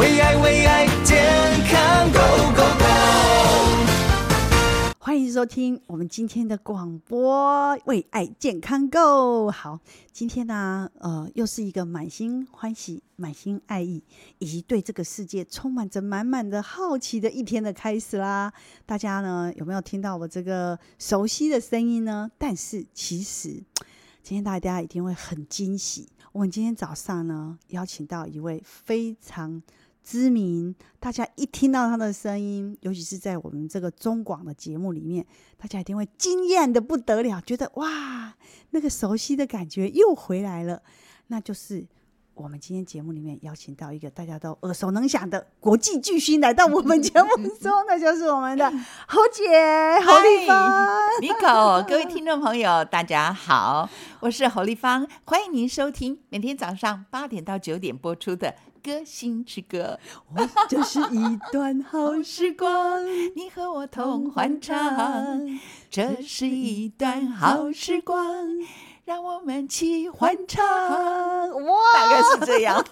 為愛，為愛，健康，Go Go Go！歡迎收聽我們今天的廣播，《為愛健康 Go》。好，今天呢，啊，呃，又是一個滿心歡喜、滿心愛意，以及對這個世界充滿着滿滿的好奇的一天的開始啦！大家呢，有沒有聽到我這個熟悉的聲音呢？但是，其實今天大家一定會很驚喜，我們今天早上呢，邀請到一位非常知名，大家一聽到他的聲音，尤其是在我們這個中廣的節目裡面，大家一定會驚艷的不得了，覺得哇，那個熟悉的感覺又回來了。那就是我們今天節目裡面邀請到一個大家都耳熟能詳的國際巨星來到我們節目中， 那就是我們的侯姐 侯麗芳 Nico，各位聽眾朋友， 大家好，我是侯麗芳，歡迎您收聽每天早上八點到九點播出的。歌星之歌，哦，這是一段好時光， 你和我同歡唱，這是一段好時光。讓我們齊歡唱哇！大概是這樣，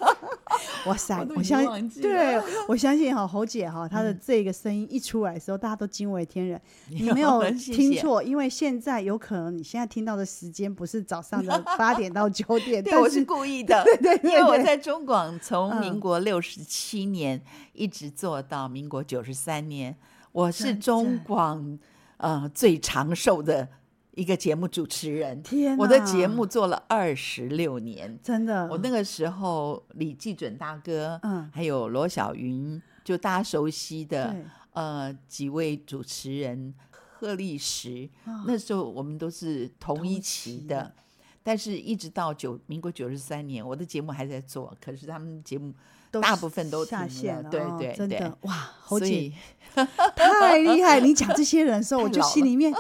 哇塞！ 我相信，對，我相信哈，侯姐哈，她的這個聲音一出來的時候，嗯、大家都驚為天人。你沒有聽錯， 謝謝，因為現在有可能你現在聽到的時間不是早上的八點到九點， 是對，我是故意的，對對對對，因為我在中廣從民國六十七年、嗯、一直做到民國九十三年，我是中廣呃最長壽的。一個節目主持人，天哪，我的節目做了二十六年，真的。我那個時候，李季準大哥，嗯、還有羅小雲，就大家熟悉的，對呃，幾位主持人，賀立時，哦、那時候我們都是同一期的，西但是一直到九，民國九十三年，我的節目還在做，可是他們節目。大部分都下線了，對對，對，真的對對，哇，侯姐以太厲害！ 你講這些人的時候，我就心裡面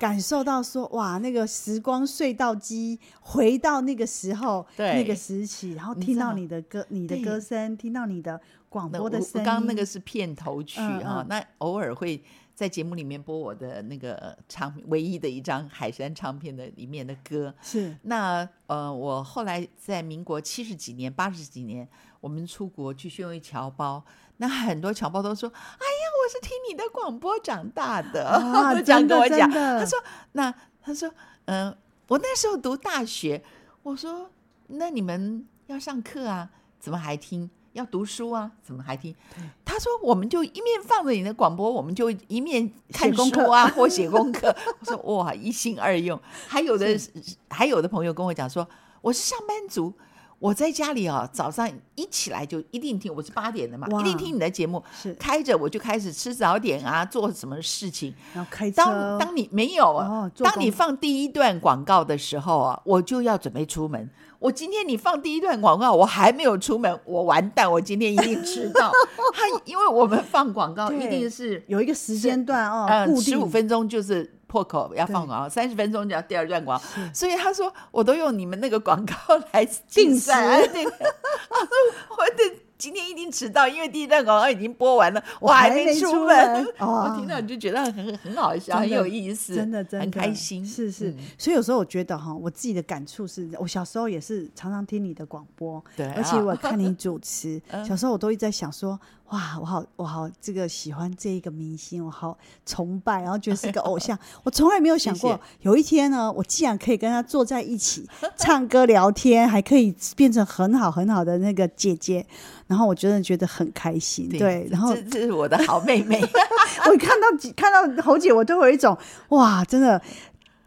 感受到說，哇，那個時光隧道機回到那個時候，對那個時期，然後聽到你的歌，你，你的歌聲，聽到你的。廣播的聲音我剛那個是片頭曲哈、啊，嗯嗯那偶爾會在節目裡面播我的那個唱片，唯一的一張海山唱片的裡面的歌。是。那呃，我後來在民國七十幾年、八十幾年，我們出國去巡迴僑胞，那很多僑胞都說：“哎呀，我是聽你的廣播長大的。啊”這樣跟我講。真的真的他說：“那他說，嗯，我那時候讀大學，我說，那你們要上課啊，怎麼還聽？”要讀書啊，怎麼還聽？對他說，我們就一面放着你的廣播，我們就一面看書啊，寫書或寫功課。 我說，哇，一心二用。還有的，是還有的朋友跟我講說，我是上班族，我在家裡啊，早上一起來就一定聽，我是八點的嘛，哇一定聽你的節目，是開着我就開始吃早點啊，做什麼事情。開當當你沒有，啊、哦，當你放第一段廣告的時候啊，我就要準備出門。我今天你放第一段廣告，我還沒有出門，我完蛋，我今天一定遲到。 他因為我們放廣告對一定是有一個時間段哦，嗯，十五定分鐘就是。破口要放廣告，三十分鐘就要第二段廣告，所以他說我都用你們那個廣告來定時。我的今天一定遲到，因為第一段廣告已經播完了，我還沒出門。我聽到就覺得很很好笑，很有意思，真的很開心。是是，所以有時候我覺得哈，我自己的感觸是，我小時候也是常常聽你的廣播，對，而且我看你主持，小時候我都一直在想說。哇，我好，我好，這個喜歡這一個明星，我好崇拜，然後覺得是個偶像。哎、呀我從來沒有想過，有一天呢，謝謝我既然可以跟他坐在一起唱歌聊天， 還可以變成很好很好的那個姐姐，然後我真得的覺得很開心。對，對然後這是我的好妹妹。 我看到看到侯姐，我都對我有一種哇，真的。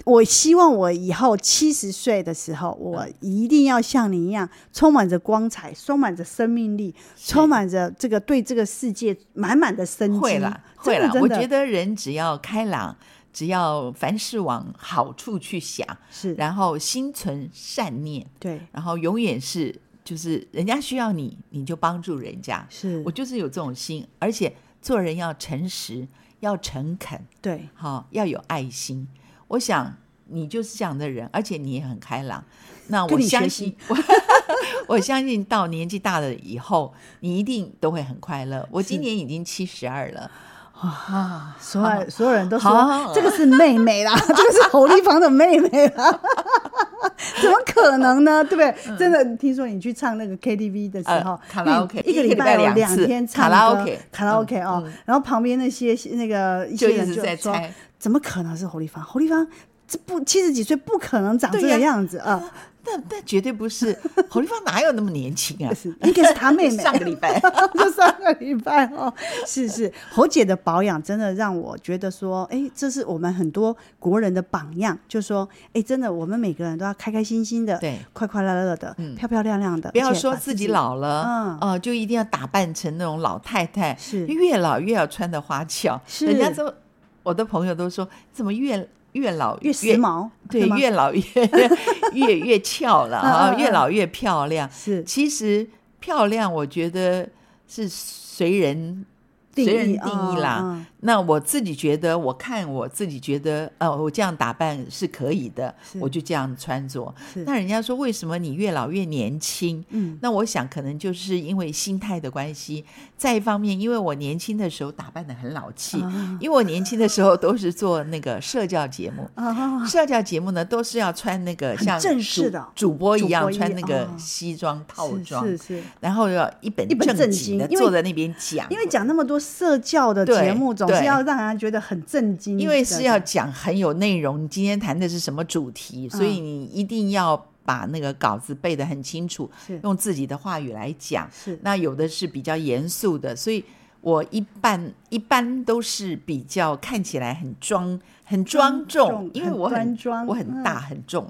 我希望我以後七十歲的時候，我一定要像你一樣，充滿着光彩，充滿着生命力，是充滿着這個對這個世界滿滿的生機。會啦，會啦。的我覺得人只要開朗，只要凡事往好處去想，是，然後心存善念，對，然後永遠是就是人家需要你，你就幫助人家，是，我就是有這種心，而且做人要誠實，要誠懇，對，好，要有愛心。我想你就是這樣的人，而且你也很開朗。那我相信，我相信到年紀大了以後，你一定都會很快樂。我今年已經七十二了，哇！所有所有人都說這個是妹妹啦，這個是侯麗芳的妹妹了，怎麼可能呢？對不對？真的，聽說你去唱那個 KTV 的時候，卡拉 OK 一個禮拜兩次，卡拉 OK，卡拉 OK 哦。然後旁邊那些那個一些人就在猜。怎麼可能是侯麗芳？侯麗芳這不七十幾歲，不可能長這個樣子啊！但但絕對不是侯麗芳，哪有那麼年輕啊？應該是她妹妹。上個禮拜就上個禮拜哦。是是，侯姐的保養真的讓我覺得說，哎，這是我們很多國人的榜樣。就是說，哎，真的，我們每個人都要開開心心的，對，快快樂樂的，漂漂亮亮的，不要說自己老了，嗯，哦，就一定要打扮成那種老太太，是越老越要穿的花俏，是人家我的朋友都說，怎麼越越老越時髦？對，嗎越老越越越俏了啊、 哦！越老越漂亮。嗯嗯、實是，其實漂亮，我覺得是隨人一隨人定義啦。哦嗯。那我自己覺得，我看我自己覺得，呃，我這樣打扮是可以的，我就這樣穿着。那人家說，為什麼你越老越年輕？嗯，那我想可能就是因為心態的關係。再一方面，因為我年輕的時候打扮得很老氣，因為我年輕的時候都是做那個社教節目，社教節目呢都是要穿那個像正式的主播一樣穿那個西裝套裝，是是，然後要一本一本正經的坐在那邊講，因為講那麼多社教的節目中。是要讓人覺得很震驚，因為是要講很有內容。你今天談的是什麼主題？所以你一定要把那個稿子背得很清楚，用自己的話語來講。是，那有的是比較嚴肅的，所以我一般一般都是比較看起來很莊很莊重，因為我很我很大很重，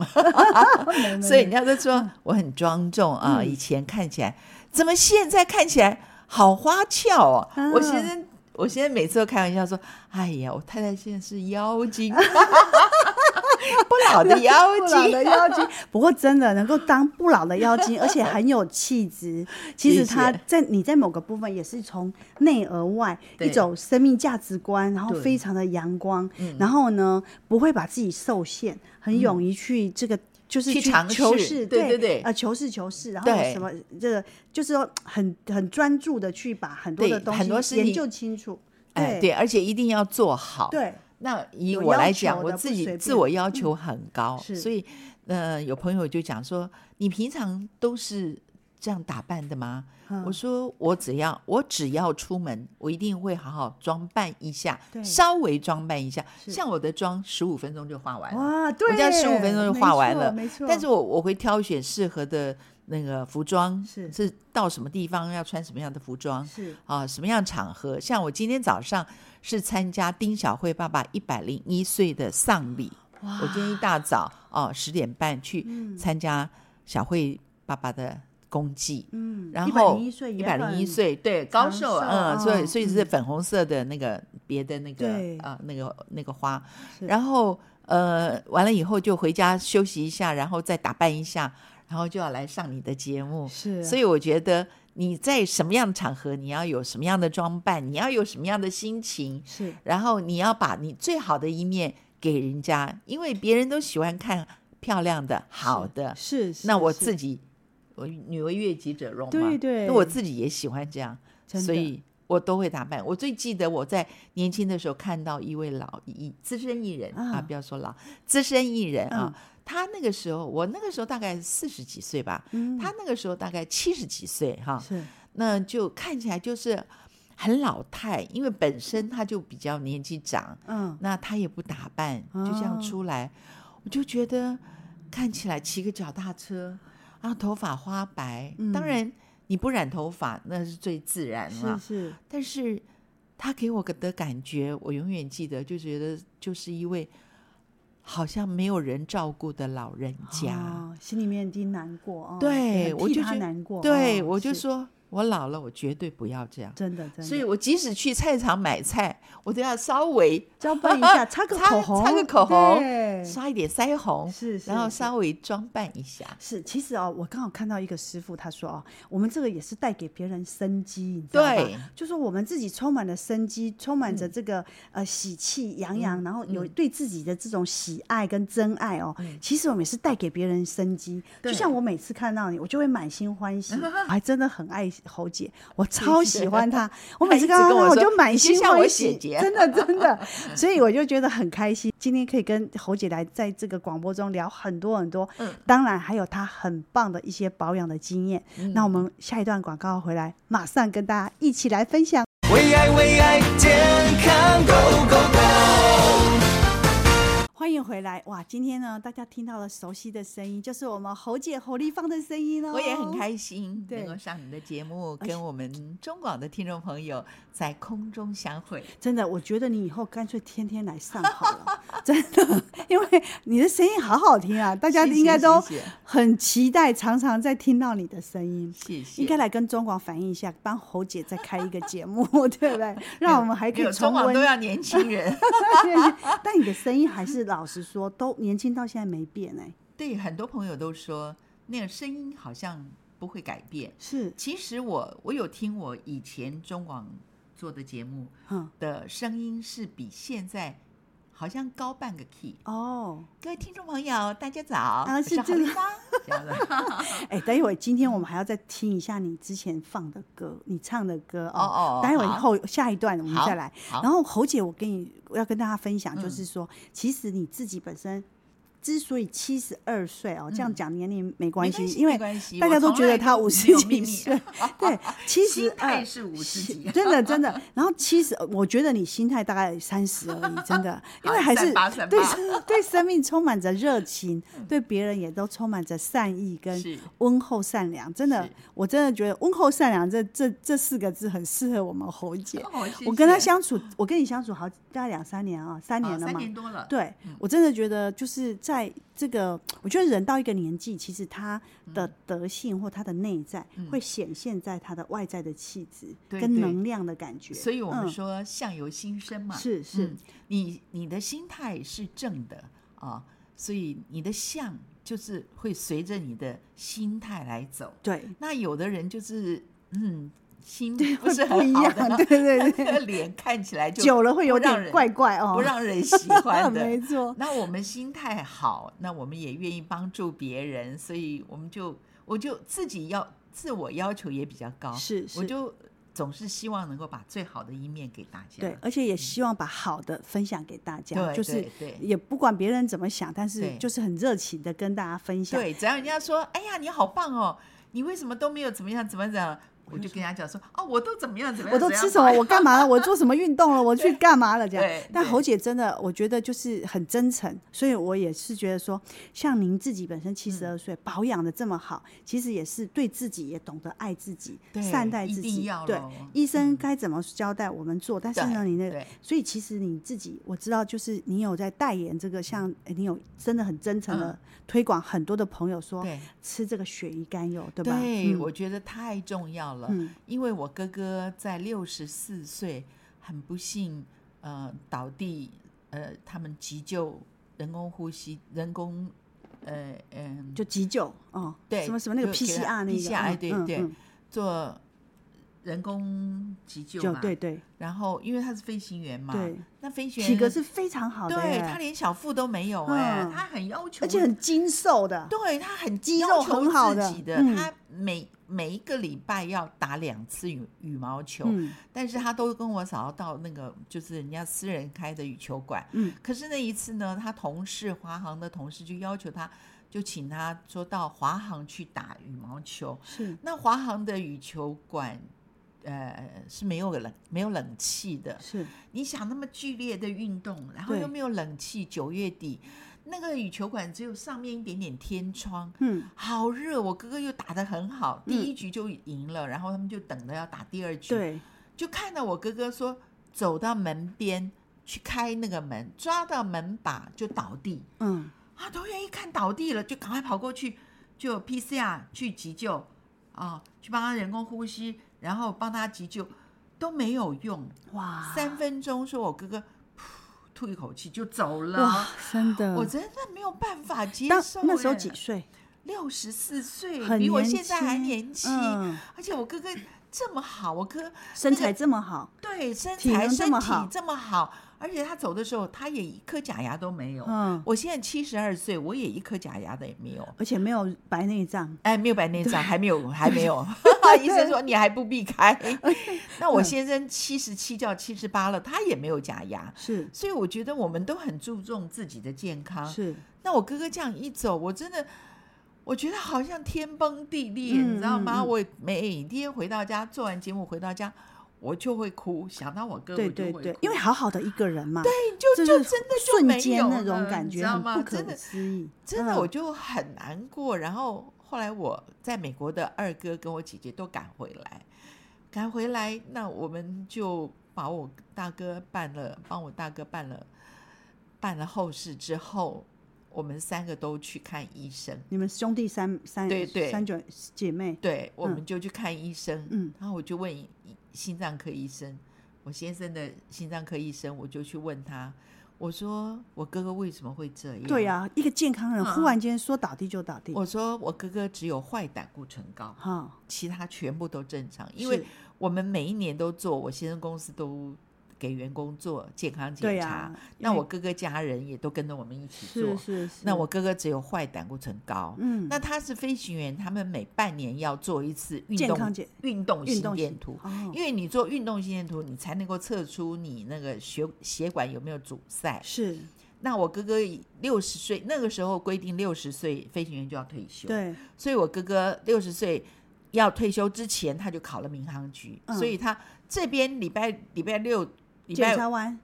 所以人家都說我很莊重啊。以前看起來怎麼現在看起來好花俏啊？我現在。我現在每次都開玩笑說：“哎呀，我太太現在是妖精，不老的妖精，不老的妖精。不過真的能夠當不老的妖精， 而且很有氣質。其實她在你在某個部分也是從內而外姐一種生命價值觀，然後非常的陽光，對然後呢不會把自己受限，很勇於去這個。嗯”就是去嘗試，對對對，求是求是，然後什麼，這個就是說很很專注的去把很多的東西研究清楚。哎，對，而且一定要做好。對，那以我來講，我自己自我要求很高，所以呃，有朋友就講說，你平常都是。這樣打扮的嗎？嗯、我說我只要我只要出門，我一定會好好裝扮一下，對稍微裝扮一下。是像我的妝，十五分鐘就化完了。我家十五分鐘就化完了。沒錯，沒錯。但是我我會挑選適合的那個服裝，是是到什麼地方要穿什麼樣的服裝，是啊，什麼樣場合？像我今天早上是參加丁小慧爸爸一百零一歲的喪禮，哇我今天一大早哦、啊、十點半去參加小慧爸爸的。功績，嗯，然後一百零一歲，一百零一歲，對，高壽，嗯，所以所以是粉紅色的那個別的那個啊，那個那個花。然後呃，完了以後就回家休息一下，然後再打扮一下，然後就要來上你的節目。是，所以我覺得你在什麼樣的場合，你要有什麼樣的裝扮，你要有什麼樣的心情，是。然後你要把你最好的一面給人家，因為別人都喜歡看漂亮的、好的，是。那我自己。我女為悅己者容嘛，那對，對我自己也喜歡這樣，的所以我都會打扮。我最記得我在年輕的時候看到一位老一資深藝人啊，不要說老資深藝人啊，他那個時候，我那個時候大概四十幾歲吧，嗯、他那個時候大概七十幾歲哈、啊，是那就看起來就是很老態，因為本身他就比較年紀長，嗯，那他也不打扮，就這樣出來，嗯、我就覺得看起來騎個腳踏車。然後頭髮花白，嗯、當然你不染頭髮那是最自然了。是是，但是他給我的感覺，我永遠記得，就覺得就是一位好像沒有人照顧的老人家，哦、心裡面一定難過，對，我就覺得難過。哦、對，我就，我就說，我老了，我絕對不要這樣。真的，真的。所以我即使去菜場買菜。我都要稍微裝扮一下，擦個口紅，擦個口紅，刷一點腮紅，是，然後稍微裝扮一下。是，其實哦，我剛好看到一個師傅，他說哦，我們這個也是帶給別人生機，你知道嗎？就說我們自己充滿了生機，充滿着這個呃喜氣洋洋，然後有對自己的這種喜愛跟真愛哦。其實我們也是帶給別人生機，就像我每次看到你，我就會滿心歡喜，我還真的很愛侯姐，我超喜歡她，我每次看到我我就滿心歡喜。 真的，真的，所以我就覺得很開心，今天可以跟侯姐來在這個廣播中聊很多很多，嗯、當然還有她很棒的一些保養的經驗。嗯、那我們下一段廣告回來，馬上跟大家一起來分享。嗯、為愛，為愛，健康 Go Go。歡迎回來哇！今天呢，大家聽到了熟悉的聲音，就是我們侯姐侯麗芳的聲音哦。我也很開心能夠上你的節目，對跟我們中廣的聽眾朋友在空中相會。真的，我覺得你以後乾脆天天來上好了， 真的，因為你的聲音好好聽啊，大家應該都很期待，常常在聽到你的聲音。謝謝。應該來跟中廣反映一下，幫侯姐再開一個節目， 對不對？讓我們還可以重溫、嗯、中廣都要年輕人， 但你的聲音還是老。老實說，都年輕到現在沒變哎。對，很多朋友都說那個聲音好像不會改變。是，其實我我有聽我以前中廣做的節目，嗯，的聲音是比現在。好像高半個 key 哦，oh, 各位聽眾朋友，大家早，啊是朱芳，哎、 欸，等一會兒，今天我們還要再聽一下你之前放的歌，你唱的歌哦哦，待、oh, oh, oh, 會兒後好下一段我們再來，好然後侯姐，我跟你我要跟大家分享，好就是說，嗯、其實你自己本身。之所以七十二歲哦，這樣講年齡沒關係、嗯，因為大家都覺得他五十幾歲。啊、 對，七十二是五十幾， 真的真的。然後七十，我覺得你心態大概三十而已，真的， 因為還是對生對生命充滿着熱情，嗯、對別人也都充滿着善意跟溫厚善良。真的，是我真的覺得溫厚善良這這這四個字很適合我們侯姐。哦、謝謝我跟她相處，我跟你相處好大概兩三年啊、哦，三年了，嘛。三年多了。對我真的覺得就是在。在這個，我覺得人到一個年紀，其實他的德性或他的內在，會顯現在他的外在的氣質跟能量的感覺。嗯、對對所以，我們說相由心生嘛。嗯、是是，嗯、你你的心態是正的啊，所以你的相就是會隨着你的心態來走。對，那有的人就是嗯。心不是不一樣，的對對對， 臉看起來就久了會有讓人怪怪哦，不讓人喜歡的。 沒錯。那我們心態好，那我們也願意幫助別人，所以我們就我就自己要自我要求也比較高，是，是。我就總是希望能夠把最好的一面給大家。對，而且也希望把好的分享給大家，嗯、對對對，就是也不管別人怎麼想，但是就是很熱情的跟大家分享對。對，只要人家說：“哎呀，你好棒哦，你為什麼都沒有怎麼樣，怎麼怎麼樣？”我就跟他講說，哦，我都怎麼樣怎麼樣，我都吃什麼，我幹嘛了，我做什麼運動了，我去幹嘛了這樣。但侯姐真的，我覺得就是很真誠，所以我也是覺得說，像您自己本身七十二歲保養的這麼好，其實也是對自己也懂得愛自己、善待自己。對，醫生該怎麼交代我們做，但是呢，你那個，所以其實你自己，我知道就是你有在代言這個，像你有真的很真誠的推廣很多的朋友說吃這個鱈魚肝油，對吧？對，我覺得太重要了。嗯、因為我哥哥在六十四歲，很不幸，呃，倒地，呃，他們急救，人工呼吸，人工，呃，嗯，就急救，哦，對，什麼什麼那個 PCR PC 那個，哎，對，對對，嗯嗯嗯、做。人工急救嘛，對對。然後因為他是飛行員嘛，那飛行員體格是非常好的，對。他連小腹都沒有哎，他很要求，而且很精瘦的。對，他很肌肉很好的。他每每一個禮拜要打兩次羽羽毛球，但是他都跟我嫂嫂到那個就是人家私人開的羽球館，可是那一次呢，他同事華航的同事就要求他，就請他說到華航去打羽毛球。是。那華航的羽球館。呃，是沒有冷沒有冷氣的。是，你想那麼劇烈的運動，然後又沒有冷氣。九對月底，那個羽球館只有上面一點點天窗，嗯，好熱。我哥哥又打得很好，第一局就贏了，嗯、然後他們就等着要打第二局。對，就看到我哥哥說走到門邊去開那個門，抓到門把就倒地。嗯，啊，團員一看倒地了，就趕快跑過去，就 PCR 去急救啊，去幫他人工呼吸。然後幫他急救都沒有用哇！三分鐘，說我哥哥吐一口氣就走了哇！真的，我真的沒有辦法接受。當那時候幾歲？六十四歲，比我現在還年輕。嗯、而且我哥哥這麼好，我哥哥、那個、身材這麼好，對，身材、身體這麼好，這麼好。而且他走的時候，他也一顆假牙都沒有。嗯，我現在七十二歲，我也一顆假牙的也沒有，而且沒有白內障。哎，沒有白內障，對還沒有，還沒有。 醫生說你還不必開。嗯、那我先生七十七到七十八了，他也沒有假牙。是，所以我覺得我們都很注重自己的健康。是。那我哥哥這樣一走，我真的，我覺得好像天崩地裂，嗯、你知道嗎？嗯、我每天回到家，做完節目回到家。我就會哭，想到我哥哥，就會哭。對對對，因為好好的一個人嘛。對，就是就真的就沒有瞬間那種感覺，很不可思議，真的，嗯、真的我就很難過。然後後來我在美國的二哥跟我姐姐都趕回來，趕回來，那我們就把我大哥辦了，幫我大哥辦了辦了後事之後，我們三個都去看醫生。你們兄弟三三對對三姐姐妹，對，嗯、我們就去看醫生。嗯，然後我就問。心臟科醫生，我先生的心臟科醫生，我就去問他，我說我哥哥為什麼會這樣？對呀、啊，一個健康人、嗯、忽然間說倒地就倒地。我說我哥哥只有壞膽固醇高，哈、嗯，其他全部都正常，因為我們每一年都做，我先生公司都。給員工做健康檢查，啊、那我哥哥家人也都跟着我們一起做。是，是，是，那我哥哥只有壞膽固醇高。嗯。那他是飛行員，他們每半年要做一次運動運動心電圖，哦、因為你做運動心電圖，你才能夠測出你那個血血管有沒有阻塞。是。那我哥哥六十歲那個時候，規定六十歲飛行員就要退休。對。所以我哥哥六十歲要退休之前，他就考了民航局，嗯、所以他這邊禮拜禮拜六。禮拜，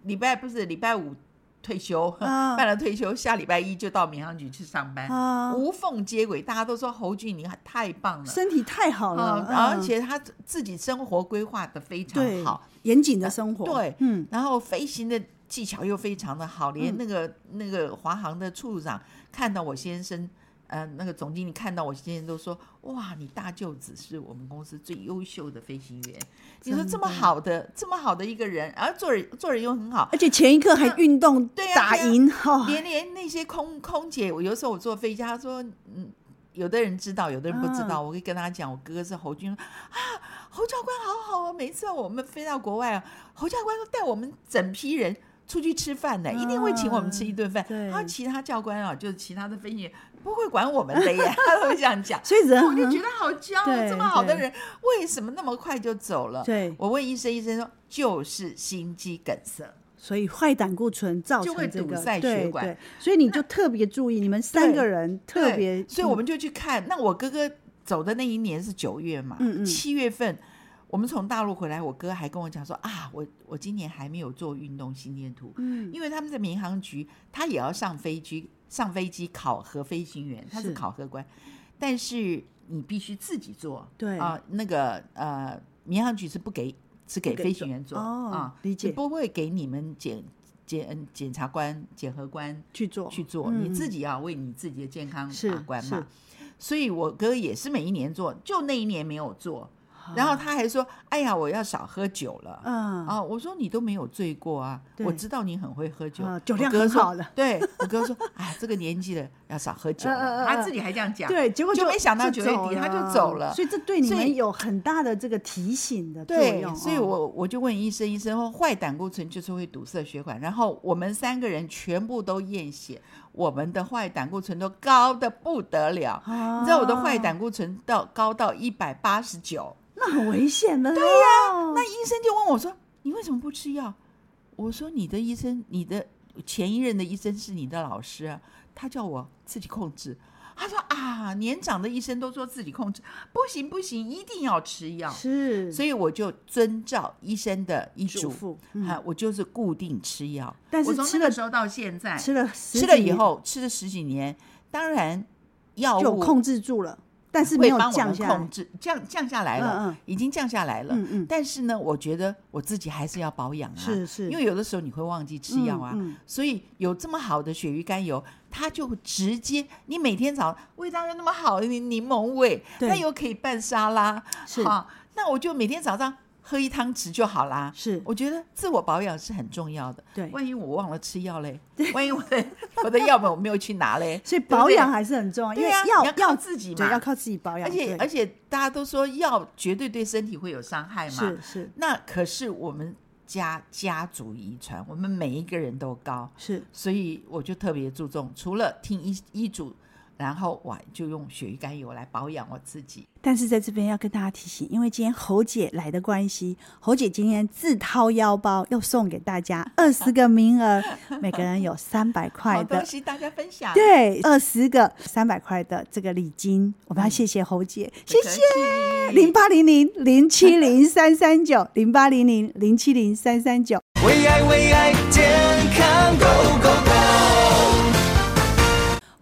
禮拜不是禮拜五退休，辦、啊、了退休，下禮拜一就到民航局去上班，啊、無縫接軌。大家都說侯姐，你太棒了，身體太好了，嗯嗯、而且他自己生活規劃得非常好，對的嚴謹的生活，對，嗯、然後飛行的技巧又非常的好，連那個、嗯、那個華航的處長看到我先生。呃，那個總經理看到我今天都說，哇，你大舅子是我們公司最優秀的飛行員。的你說這麼好的，這麼好的一個人，然後做人做人又很好，而且前一刻還運動、啊，對呀、啊，打贏連連那些空空姐，我有時候我坐飛機，他說，嗯，有的人知道，有的人不知道，啊、我可以跟他講，我哥哥是侯軍啊，侯教官好好哦、啊，每一次我們飛到國外啊，侯教官都帶我們整批人出去吃飯呢，啊、一定會請我們吃一頓飯。對然後其他教官啊，就是其他的飛行員。不會管我們的呀，他都想講，所以我就覺得好驕傲，這麼好的人，為什麼那麼快就走了？對，我問醫生，醫生說就是心肌梗塞，所以壞膽固醇造成堵塞血管，所以你就特別注意，你們三個人特別，所以我們就去看。那我哥哥走的那一年是九月嘛，七月份我們從大陸回來，我哥還跟我講說啊，我我今年還沒有做運動心電圖，嗯，因為他們在民航局，他也要上飛機。上飛機考核飛行員，他是考核官。是但是，你必須自己做。對啊、呃，那個呃，民航局是不給，是給飛行員做啊，做哦呃、理解不會給你們檢檢檢察官、檢核官去做去做，嗯、你自己要為你自己的健康把關嘛。所以，我哥也是每一年做，就那一年沒有做。然後他還說：“哎呀，我要少喝酒了。”嗯，啊、哦，我說，你都沒有醉過啊，對我知道你很會喝酒，酒量很好的。對，我哥說：“啊、 哎，這個年紀了要少喝酒了。呃呃呃”他自己還這樣講。對，結果就，就沒想到，九月底就他就走了。所以這對你們有很大的這個提醒的作用。所以，對所以我我就問醫生：“醫生說，壞膽固醇就是會堵塞血管。”然後我們三個人全部都驗血。我們的壞膽固醇都高的不得了，啊、你知道我的壞膽固醇到高到一百八十九，那很危險的，哦、對呀、啊，那醫生就問我說：“你為什麼不吃藥？”我說：“你的醫生，你的前一任的醫生是你的老師，啊，他叫我自己控制。”他說啊，年長的醫生都說自己控制不行不行，一定要吃藥。是，所以我就遵照醫生的醫囑、嗯啊，我就是固定吃藥。但是吃的時候到現在，吃了十幾年吃了以後吃了十幾年，當然藥物就控制住了，但是沒有降下我控制降降下來了，嗯嗯已經降下來了。嗯嗯但是呢，我覺得我自己還是要保養啊，是是，因為有的時候你會忘記吃藥啊，嗯嗯所以有這麼好的鱈魚肝油。他就直接，你每天早上味道又那麼好，檸檬味，它又可以拌沙拉，好，那我就每天早上喝一湯匙就好啦。是，我覺得自我保養是很重要的。對，萬一我忘了吃藥嘞，萬一我的我的藥本我沒有去拿嘞，所以保養還是很重要。因為要要靠自己嘛，要靠自己保養。而且而且大家都說藥絕對對身體會有傷害嘛，是是。那可是我們。家家族遺傳，我們每一個人都高，是，所以我就特別注重，除了聽醫醫囑。然後我就用鱈魚肝油來保養我自己。但是在這邊要跟大家提醒，因為今天侯姐來的關係，侯姐今天自掏腰包又送給大家二十個名額， 每個人有三百塊的， 好東西大家分享。對，二十個三百塊的這個禮金，我們要謝謝侯姐，嗯、謝謝。零八零零零七零三三九零八零零零七零三三九。為愛為愛，健康夠夠。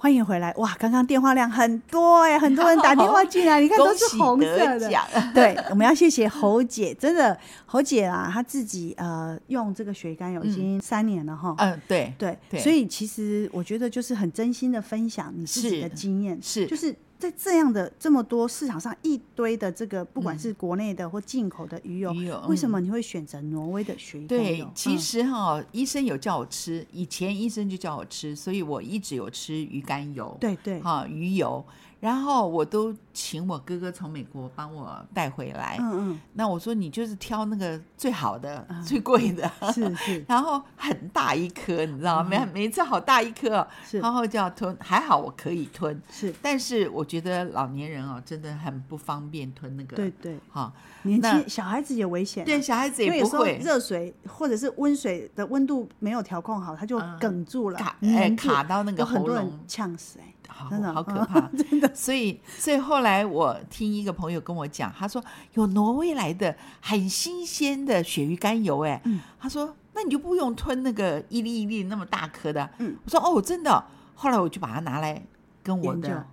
歡迎回來哇！剛剛電話量很多哎、欸，好很多人打電話進來，好你看都是紅色的。對，我們要謝謝侯姐， 真的侯姐啊，她自己呃用這個鱈肝油已經三年了哈、嗯呃。對對，對所以其實我覺得就是很真心的分享你自己的經驗，是就是。在這樣的這麼多市場上一堆的這個，不管是國內的或進口的魚油，嗯、魚油為什麼你會選擇挪威的鱈魚肝油、嗯？對，其實哈，嗯、醫生有叫我吃，以前醫生就叫我吃，所以我一直有吃魚肝油。對對，哈、啊，魚油。然後我都請我哥哥從美國幫我帶回來。嗯嗯。那我說，你就是挑那個最好的、最貴的。是是。然後很大一顆，你知道嗎？每每次好大一顆。是。然後就要吞，還好我可以吞。是。但是我覺得老年人哦，真的很不方便吞那個。對對。哈。年輕小孩子也危險。對，小孩子也不會。熱水或者是溫水的溫度沒有調控好，它就梗住了。卡。哎，卡到那個喉嚨。嗆死哎。好，好可怕，嗯、所以，所以後來我聽一個朋友跟我講，他說有挪威來的很新鮮的鱈魚肝油，哎、嗯，他說那你就不用吞那個一粒一粒那麼大顆的。嗯、我說哦，真的。後來我就把它拿來跟我的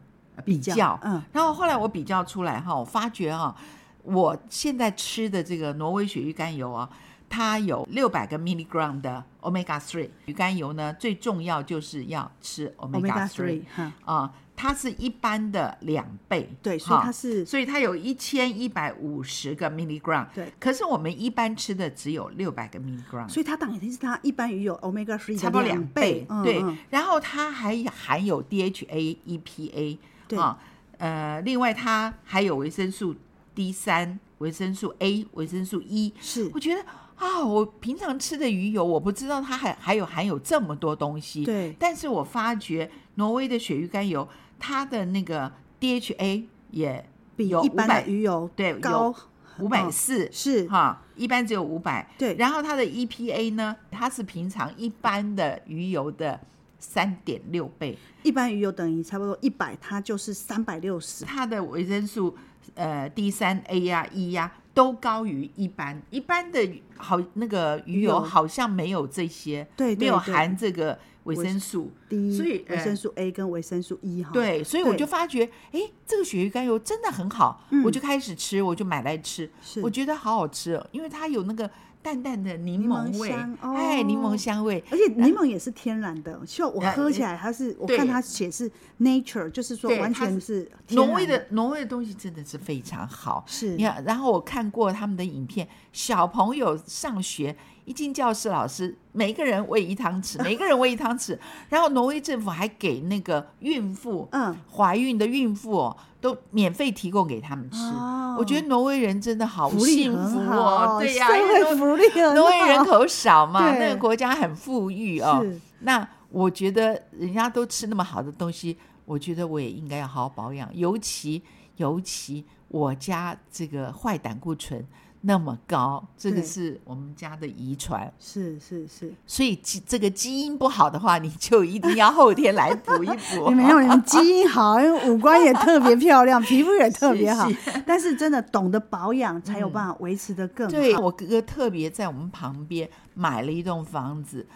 比較，比較嗯，然後後來我比較出來哈，我發覺哈，我現在吃的這個挪威鱈魚肝油啊。它有六百個 milligram 的 omega three 魚肝油呢，最重要就是要吃 3, omega three 啊，它是一般的兩倍，對，哦、所以它是，所以它有一千一百五十個 milligram，對，可是我們一般吃的只有六百個 milligram，所以它等於是它一般魚油 omega three 差不多兩倍，嗯嗯對，然後它還含有 DHA EPA 啊對、嗯，呃，另外它還有維生素 D 三、維生素 A、維生素 E，是，我覺得。啊、哦，我平常吃的魚油，我不知道它還有還有含有這麼多東西。對，但是我發覺挪威的鱈魚肝油，它的那個 DHA 也有500，比一般的魚油高，對，高五百四，是哈、哦，一般只有五百。對，然後它的 EPA 呢，它是平常一般的魚油的三點六倍，一般魚油等於差不多一百，它就是三百六十。它的維生素呃 D 三 A 呀、啊、E 呀、啊、都高於一般一般的。好，那個魚油好像沒有這些，對，沒有含這個維生素 D，所以維生素 A 跟維生素 E 哈。對，所以我就發覺，哎，這個鱈魚肝油真的很好，我就開始吃，我就買來吃，我覺得好好吃，因為它有那個淡淡的檸檬味，哎，檸檬香味，而且檸檬也是天然的。就我喝起來，它是我看它寫是 nature，就是說完全是挪威的，挪威的東西，真的是非常好。是，你看，然後我看過他們的影片，小朋友。上學一進教室，老師每個人餵一湯匙， 每個人餵一湯匙。然後挪威政府還給那個孕婦，嗯，懷孕的孕婦、哦、都免費提供給他們吃。哦、我覺得挪威人真的好幸福哦，對呀，福利，挪威人口少嘛，對那個國家很富裕哦。是那我覺得人家都吃那麼好的東西，我覺得我也應該要好好保養，尤其尤其我家這個壞膽固醇。那麼高，這個是我們家的遺傳，是是是，是是，所以基這個基因不好的話，你就一定要後天來補一補。 沒有，人基因好，因為五官也特別漂亮， 皮膚也特別好，是是，但是真的懂得保養，才有辦法維持得更好。嗯，對我哥哥特別在我們旁邊。買了一棟房子，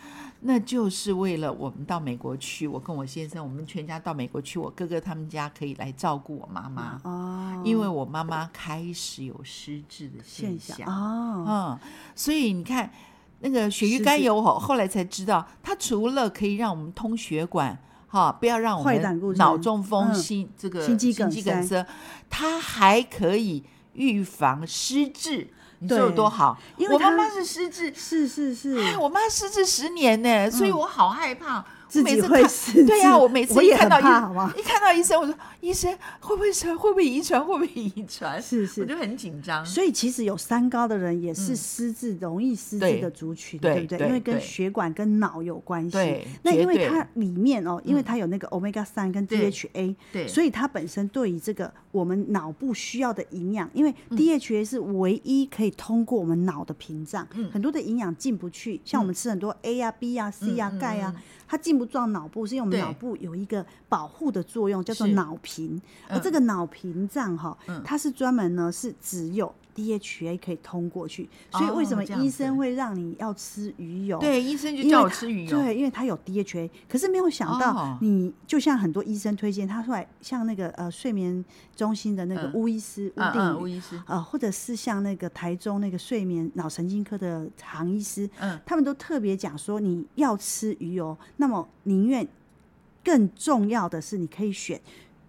那就是為了我們到美國去。我跟我先生，我們全家到美國去。我哥哥他們家可以來照顧我媽媽，哦，因為我媽媽開始有失智的現象，現象哦、嗯，所以你看，那個鱈魚肝油，失智，我後來才知道，它除了可以讓我們通血管，哈、哦，不要讓我們壞膽固醇、腦中風、嗯、心這個心肌，心肌梗塞，它還可以預防失智。你說有多好？因為我媽媽是失智，媽是是是、哎，我媽失智十年呢，嗯、所以我好害怕。自己會失智對呀！我每次一看到醫生，一看到醫生，我說：“醫生會不會傳？會不會遺傳？會不會遺傳？”是是，我就很緊張。所以其實有三高的人也是失智容易失智的族群，對不對？因為跟血管跟腦有關係。那因為它裡面哦，因為它有那個 omega 三跟 DHA，對，所以它本身對於這個我們腦部需要的營養，因為 DHA 是唯一可以通過我們腦的屏障，很多的營養進不去。像我們吃很多 A 啊 B 啊 C 啊鈣啊，它進。不撞腦部是因為我們腦部有一個保護的作用，對叫做腦屏。是而這個腦屏障哈，嗯、它是專門呢是只有 DHA 可以通過去，哦、所以為什麼醫生會讓你要吃魚油？哦、對，醫生就叫我吃魚油，對，因為它有 DHA。可是沒有想到，你就像很多醫生推薦，哦、他說像那個呃睡眠中心的那個巫醫師、嗯、巫定宇，嗯嗯、巫醫師呃或者是像那個台中那個睡眠腦神經科的杭醫師，嗯、他們都特別講說你要吃魚油，那麼寧願，寧願更重要的是，你可以選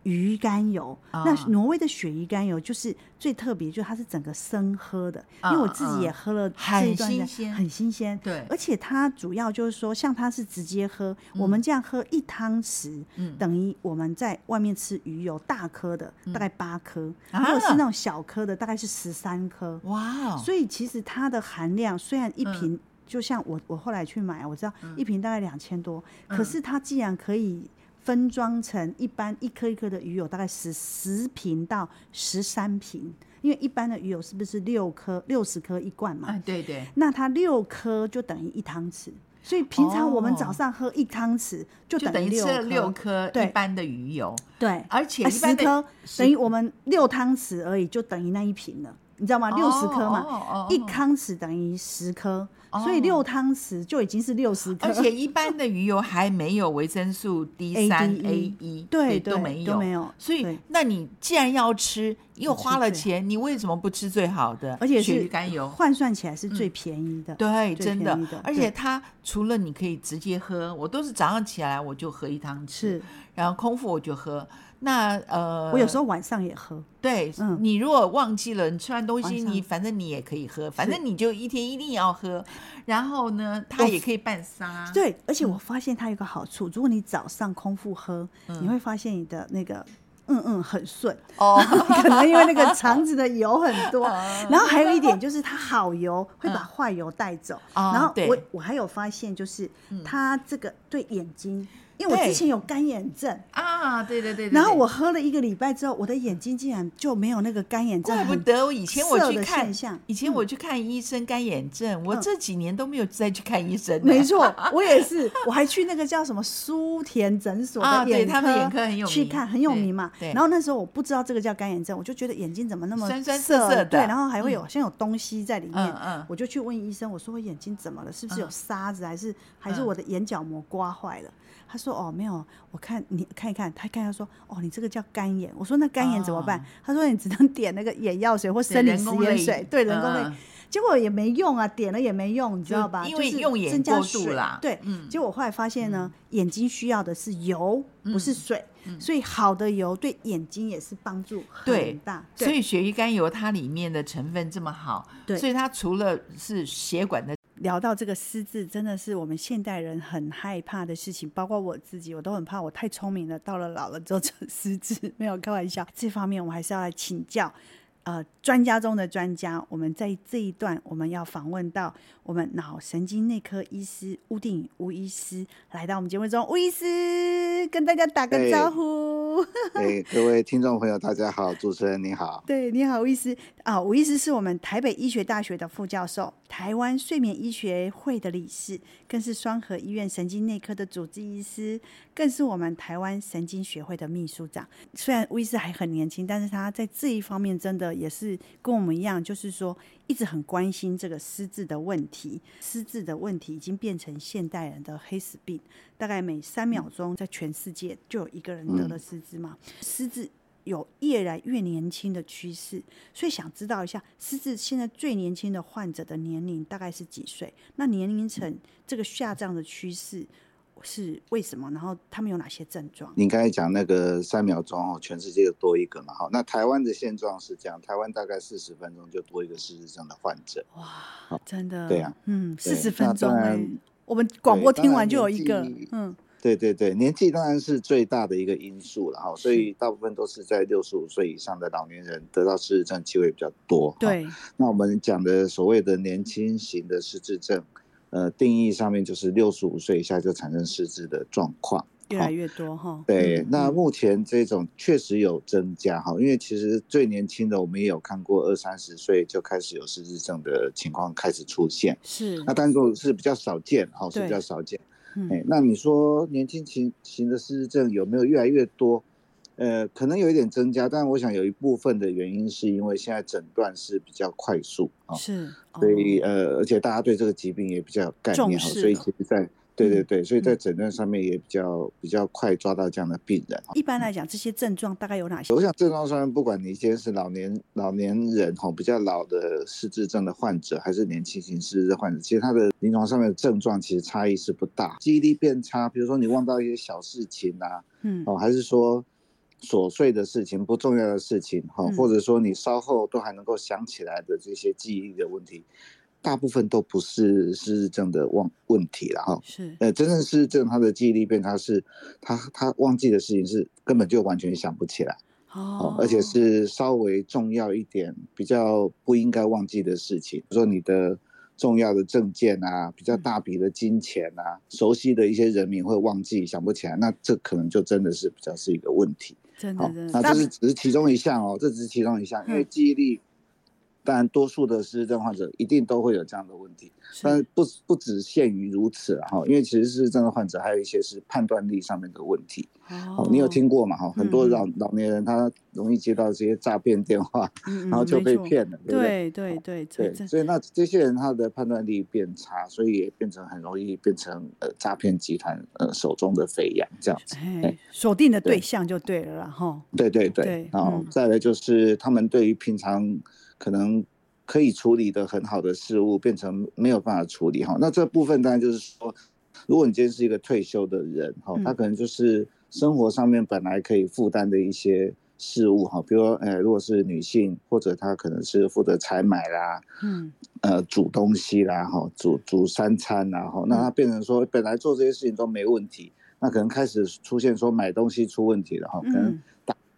魚肝油。Uh, 那挪威的鱈魚肝油就是最特別，就是它是整個生喝的。Uh, 因為我自己也喝了這一段，很新鮮，很新鮮。對，而且它主要就是說，像它是直接喝，對我們這樣喝一湯匙，嗯、等於我們在外面吃魚油大顆的，大概八顆；嗯、如果是那種小顆的，大概是十三顆。哇 Wow 所以其實它的含量雖然一瓶。嗯就像我我後來去買，我知道一瓶大概兩千多，嗯、可是它既然可以分裝成一般一顆一顆的魚油，大概十十瓶到十三瓶，因為一般的魚油是不是六顆六十顆一罐嘛、嗯？對對。那它六顆就等於一湯匙，所以平常我們早上喝一湯匙就等於六顆，就等於吃了六顆對一般的魚油。對，而且啊、十顆等於我們六湯匙而已，就等於那一瓶了，你知道嗎？六十顆嘛，哦哦、一湯匙等於十顆。所以六湯匙就已經是六十克，而且一般的魚油還沒有維生素 D 三 A 一，對都沒有，都沒有。所以，那你既然要吃，又花了錢，你為什麼不吃最好的？而且鱈魚肝油換算起來是最便宜的，對，真的。而且它除了你可以直接喝，我都是早上起來我就喝一湯匙，然後空腹我就喝。那呃，我有時候晚上也喝。對，嗯、你如果忘記了，你吃完東西，上你反正你也可以喝，反正你就一天一定要喝。是然後呢，它也可以拌沙。對，而且我發現它有個好處，嗯、如果你早上空腹喝，你會發現你的那個嗯嗯很順。哦、嗯。可能因為那個腸子的油很多。然後還有一點就是它好油會把壞油帶走。啊。然後我我還有發現就是它這個對眼睛。因為我之前有乾眼症啊，對對對，然後我喝了一個禮拜之後，我的眼睛竟然就沒有那個乾眼症，怪不得我以前我去看，以前我去看醫生乾眼症，我這幾年都沒有再去看醫生。沒錯，我也是，我還去那個叫什麼蘇田診所的眼科、啊、對他們眼科很有名，去看很有名嘛。對對，然後那時候我不知道這個叫乾眼症，我就覺得眼睛怎麼那麼色酸酸澀澀的對，然後還會有、嗯、像有東西在裡面，嗯，嗯我就去問醫生，我說我眼睛怎麼了？是不是有沙子，還是、嗯、還是我的眼角膜刮壞了？他說：“哦，沒有，我看你看一看，他看他說，哦，你這個叫乾眼。”我說：“那乾眼怎麼辦？”他說：“你只能點那個眼藥水或生理鹽水，對，人工淚。結果也沒用啊，點了也沒用，你知道吧？因為用眼過度啦。對，嗯，結果我後來發現呢，眼睛需要的是油，不是水。所以好的油對眼睛也是幫助很大。所以鱈魚肝油它裡面的成分這麼好，所以它除了是血管的。”聊到這個失智，真的是我們現代人很害怕的事情，包括我自己，我都很怕我太聰明了，到了老了之後就失智。沒有開玩笑，這方面我還是要來請教，呃，專家中的專家。我們在這一段，我們要訪問到我們腦神經內科醫師吳定吳醫師，來到我們節目中，吳醫師跟大家打個招呼。Hey. 哎， 各位聽眾朋友，大家好，主持人你好。對，你好，吳醫師啊，吳醫師是我們台北醫學大學的副教授，台灣睡眠醫學會的理事，更是雙和醫院神經內科的主治醫師，更是我們台灣神經學會的秘書長。雖然吳醫師還很年輕，但是他在這一方面真的也是跟我們一樣，就是說。一直很關心這個失智的問題，失智的問題已經變成現代人的“黑死病”，大概每三秒鐘在全世界就有一個人得了失智嘛。失智，嗯、有越來越年輕的趨勢，所以想知道一下，失智現在最年輕的患者的年齡大概是幾歲？那年齡層這個下降的趨勢？是為什麼？然後他們有哪些症狀？你剛才講那個三秒鐘哦，全世界又多一個嘛？好，那台灣的現狀是這樣，台灣大概四十分鐘就多一個失智症的患者。哇，哦、真的？對啊，嗯，四十分鐘哎、欸，我們廣播聽完就有一個。嗯，對對對，年紀當然是最大的一個因素了哈，是所以大部分都是在六十五歲以上的老年人得到失智症機會比較多。對、哦，那我們講的所謂的年輕型的失智症。呃，定義上面就是六十五歲以下就產生失智的狀況，越來越多哈、哦。對，嗯、那目前這種確實有增加哈，嗯、因為其實最年輕的我們也有看過二三十歲就開始有失智症的情況開始出現，是。那但是是比較少見哈，是比較少見。哎是，那你說年輕型的失智症有沒有越來越多？呃，可能有一點增加，但是我想有一部分的原因是因為現在診斷是比較快速啊，哦、是，哦、所以呃，而且大家對這個疾病也比較有概念重視，所以其實在對對對，嗯、所以在診斷上面也比較、嗯、比較快抓到這樣的病人。一般來講，嗯、這些症狀大概有哪些？我想症狀上面，不管你先是老年老年人哈、哦，比較老的失智症的患者，還是年輕型失智症患者，其實他的臨床上面的症狀其實差異是不大，記憶力變差，比如說你忘到一些小事情啊，嗯，哦，還是說。瑣碎的事情、不重要的事情，哈，嗯、或者說你稍後都還能夠想起來的這些記憶的問題，大部分都不是失智症的問問題了，哈。是，呃，真正失智症他的記憶力變差，是他他忘記的事情是根本就完全想不起來，哦，而且是稍微重要一點、比較不應該忘記的事情，比如說你的重要的證件啊，比較大筆的金錢啊，嗯嗯熟悉的一些人名會忘記想不起來，那這可能就真的是比較是一個問題。好，那、啊、這是只是其中一項哦，但這只是其中一項，因為記憶力。嗯當然，多數的失智症患者一定都會有這樣的問題，但是不不只限於如此哈。因為其實失智症的患者，還有一些是判斷力上面的問題。哦，你有聽過嘛哈？很多老老年人他容易接到這些詐騙電話，然後就被騙了，對不對？對對對。對，所以那這些人他的判斷力變差，所以也變成很容易變成呃詐騙集團呃手中的肥羊這樣子。哎，鎖定的對象就對了，然後對對對。對。然後再來就是他們對於平常。可能可以處理的很好的事物，變成沒有辦法處理哈。那這部分當然就是說，如果你今天是一個退休的人哈，嗯、他可能就是生活上面本來可以負擔的一些事物哈，比如說、呃，如果是女性或者他可能是負責採買啦，嗯，呃，煮東西啦哈，煮煮三餐啦哈，那他變成說本來做這些事情都沒問題，那可能開始出現說買東西出問題了哈，可能、嗯。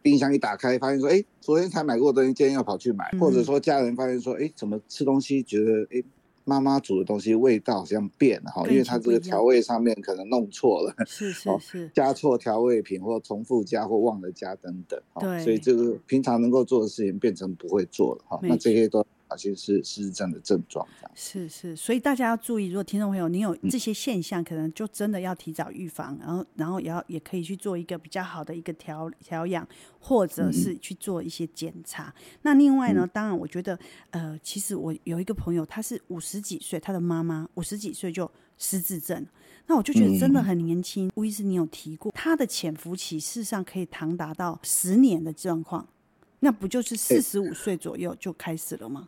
冰箱一打開，發現說：“哎，昨天才買過的東西，今天要跑去買。嗯”或者說家人發現說：“哎，怎麼吃東西覺得哎，媽媽煮的東西味道好像變了哈，因為它這個調味上面可能弄錯了，是是，是、哦，加錯調味品或重複加或忘了加等等，哦、對所以這個平常能夠做的事情變成不會做了哈，錯那這些都。其實是失智症的症狀，是是，所以大家要注意，如果聽眾朋友你有這些現象，嗯、可能就真的要提早預防，然後然後也要也可以去做一個比較好的一個調調養，或者是去做一些檢查。嗯嗯，那另外呢，當然我覺得，呃，其實我有一個朋友，他是五十幾歲，他的媽媽五十幾歲就失智症，那我就覺得真的很年輕。吳、嗯、醫師，你有提過他的潛伏期，事實上可以長達到十年的狀況，那不就是四十五歲左右就開始了嗎？欸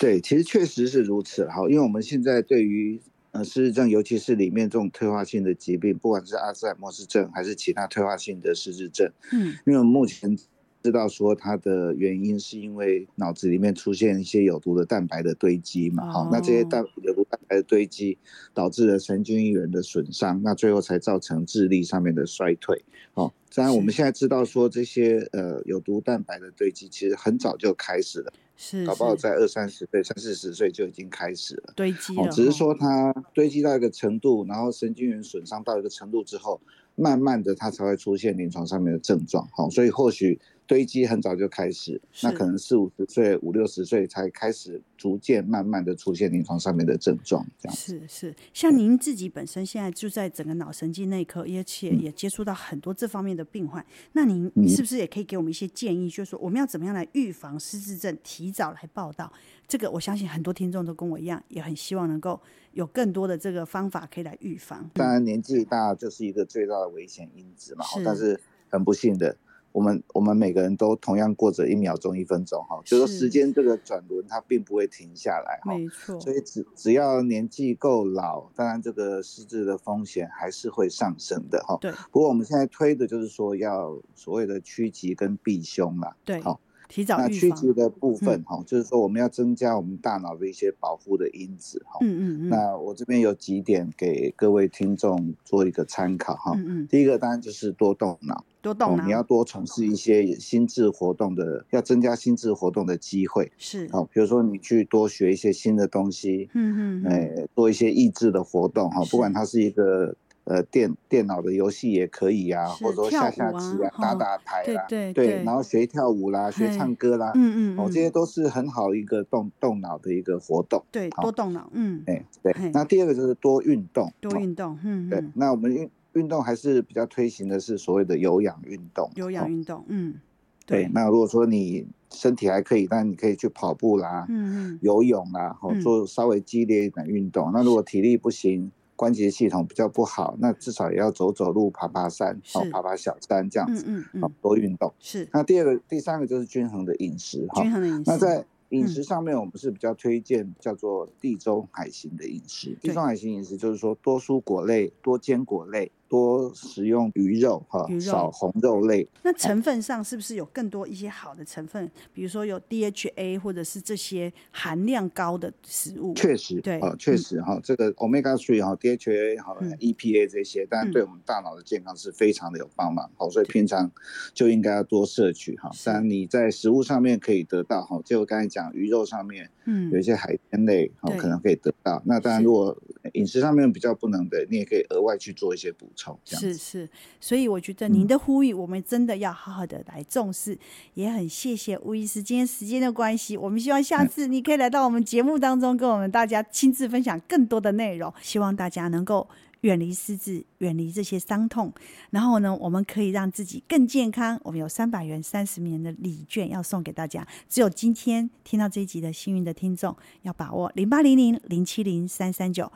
對，其實確實是如此。好，因為我們現在對於呃失智症，尤其是裡面這種退化性的疾病，不管是阿茲海默氏症還是其他退化性的失智症，嗯，因為我們目前知道說它的原因是因為腦子裡面出現一些有毒的蛋白的堆積嘛。哦、好，那這些蛋，有毒蛋白的堆積導致了神經元的損傷，那最後才造成智力上面的衰退。好，當然我們現在知道說這些呃有毒蛋白的堆積其實很早就開始了。嗯嗯搞不好在二三十歲，是是三四十歲就已經開始了堆積了。哦，只是說它堆積到一個程度，然後神經元損傷到一個程度之後，慢慢的它才會出現臨床上面的症狀。好、哦，所以或許。堆積很早就開始，是那可能四五十歲、五六十歲才開始，逐漸慢慢的出現臨床上面的症狀。這樣是是，像您自己本身現在就在整個腦神經內科，而且也接觸到很多這方面的病患。嗯、那您是不是也可以給我們一些建議，嗯、就是說我們要怎麼樣來預防失智症，提早來報道？這個我相信很多聽眾都跟我一樣，也很希望能夠有更多的這個方法可以來預防。嗯嗯、當然，年紀大就是一個最大的危險因子嘛，是但是很不幸的。我們我們每個人都同樣過着一秒鐘、一分鐘，哈，就是說時間這個轉輪它並不會停下來，哈是，沒錯，所以只只要年紀夠老，當然這個失智的風險還是會上升的，哈對，不過我們現在推的就是說要所謂的趨吉跟避凶啦，對，哦提早那曲折的部分哈、哦，嗯、就是說我們要增加我們大腦的一些保護的因子哈、哦。嗯嗯嗯。那我這邊有幾點給各位聽眾做一個參考哈、哦。嗯嗯。第一個當然就是多動腦，多動腦、哦，你要多從事一些心智活動的，動要增加心智活動的機會是。好、哦，比如說你去多學一些新的東西。嗯，嗯嗯。哎、呃，多一些益智的活動哈、哦，是不管它是一個。呃，電電腦的遊戲也可以啊，或者說下下棋啊，打打牌啊，對對，然後學跳舞啦，學唱歌啦，嗯嗯哦，這些都是很好一個動動腦的一個活動，對，多動腦，嗯，哎，對。那第二個就是多運動，多運動，嗯，對。那我們運運動還是比較推行的是所謂的有氧運動，有氧運動，嗯，對。那如果說你身體還可以，但你可以去跑步啦，嗯，游泳啦，哦，做稍微激烈一點運動。那如果體力不行。關節系統比較不好，那至少也要走走路、爬爬山，好是爬爬小山這樣子，好、嗯嗯嗯、多運動。是。那第二個、第三個就是均衡的飲食，哈。均衡的飲食。那在飲食上面，我們是比較推薦叫做地中海型的飲食。地中海型飲食就是說，多蔬果類，多堅果類。多食用魚肉哈，魚肉少紅肉類。那成分上是不是有更多一些好的成分？比如說有 D H A 或者是這些含量高的食物？確實，對啊，確、嗯、實哈，這個 Omega 3，哈，D H A 好、E P A 這些，當然、嗯、對我們大腦的健康是非常的有幫忙。好、嗯，所以平常就應該要多攝取哈。當對你在食物上面可以得到哈，就我剛是才講魚肉上面，嗯，有一些海鮮類，好、嗯，可能可以得到。對那當然如果飲食上面比較不能的，你也可以額外去做一些補充。是是，所以我覺得您的呼籲，嗯、我們真的要好好的來重視，也很謝謝吳醫師。今天時間的關係，我們希望下次你可以來到我們節目當中，嗯、跟我們大家親自分享更多的內容。希望大家能夠遠離失智，遠離這些傷痛，然後呢，我們可以讓自己更健康。我們有三百元三十年的禮券要送給大家，只有今天聽到這一集的幸運的聽眾要把握零八零零零七零三三九。